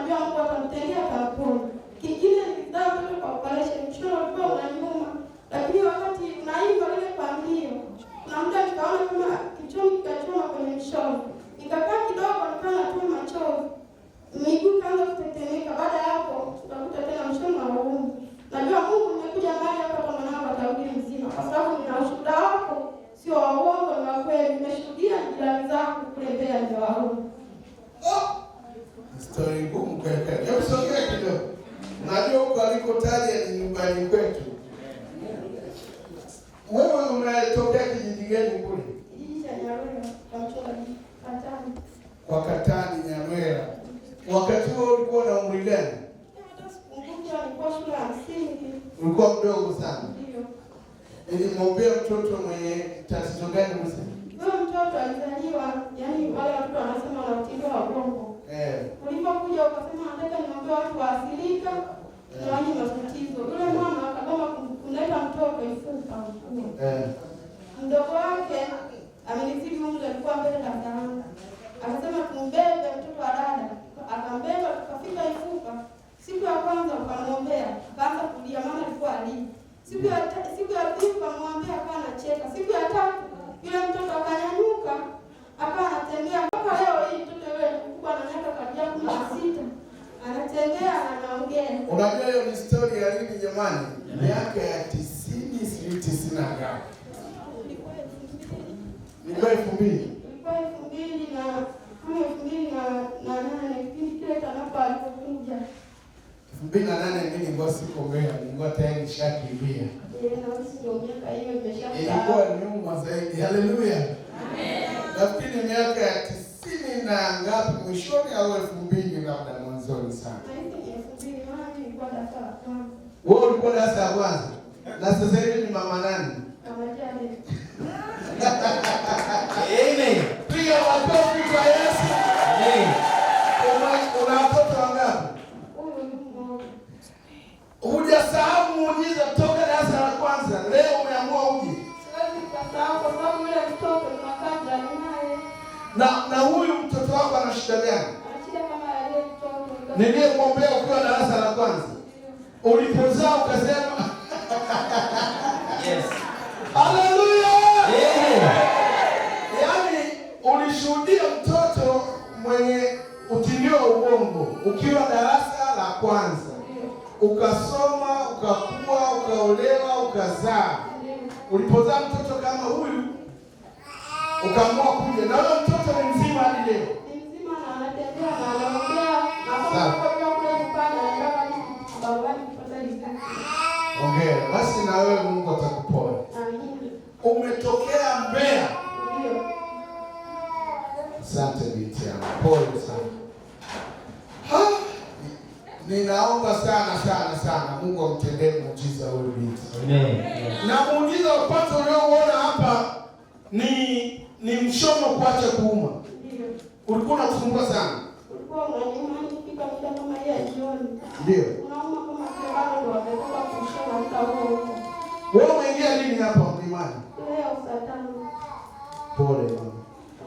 akaambia Mungu akamtengea kampuni. Kingine nilizaa kwa operation, mtoto alikuwa unaniuma, lakini wakati naiva ile pambio, kuna muda nikaona kama kichomi kikachoma kwenye mshono, nikakaa kidogo, nikawa natoa machozi, miguu kaanza kutetemeka. Baada ya hapo tukakuta tena mshono hauumi. Najua Mungu nimekuja mahali hapa kwa mwanangu atarudi mzima, kwa sababu nina ushuhuda wako, sio wa uongo, ni wa kweli. Nimeshuhudia jirani zangu kule Mbeya ndio wao stori ngumu kwelikweli. Usongee kidogo, najua huko alikotaja ni nyumbani kwetu. Wewe umetokea kijiji gani kule? Kwa Katani Nyamwera. Wakati huo ulikuwa na umri gani? Ulikuwa mdogo sana. Nilimwombea mtoto mwenye tatizo gani mzee? Mtoto alizaliwa, yani wale watoto wanasema Mdogo wake amenizidi umri, alikuwa mbele na mtaanga, akasema tumbebe mtoto wa dada. Akambeba tukafika Ifupa. Siku ya kwanza ukamwombea, akaanza kulia, mama alikuwa ali. Siku ya siku ya pili ukamwombea, akawa anacheka. Siku ya tatu yule mtoto akanyanyuka, akawa anatembea mpaka leo hii. Mtoto yule mkubwa ana miaka karibia kumi na sita, anatembea, anaongea. Unajua hiyo ni story ya nini jamani? miaka ya tisini na ngapi? Ilikuwa elfu mbili elfu mbili na nane mimi ngo sikomea ngo tayari nishakimbia, eh, ilikuwa nyuma zaidi. Haleluya, nafikiri miaka ya tisini na ngapi, mwishoni au elfu mbili labda mwanzoni sana. Wewe ulikuwa darasa ya kwanza na sasa hivi ni mama nani? Amen. Piga makofi kwa Yesu. Amen. Una watoto wangapi? Hujasahau muujiza toka darasa la kwanza, leo umeamua uje. Na na huyu mtoto wako ana shida gani? Nilie ukiwa darasa la kwanza ulipozaa ukasema Yes. Haleluya. Yaani ulishuhudia mtoto mwenye utilio wa ubongo ukiwa darasa la kwanza, ukasoma, ukakua, ukaolewa, ukazaa. Ulipozaa mtoto kama huyu ukaamua kuja na Ninaomba sana sana sana Mungu amtendee muujiza huyu binti. Amen. Na muujiza wa kwanza unaoona hapa ni ni mshomo kuacha kuuma. Ndio. Ulikuwa unakusumbua sana. Ulikuwa unauma kila muda kama yeye jioni. Ndio. Unauma kama kile bado ndio ametoka kushona mtaona. Wewe umeingia lini hapa mlimani?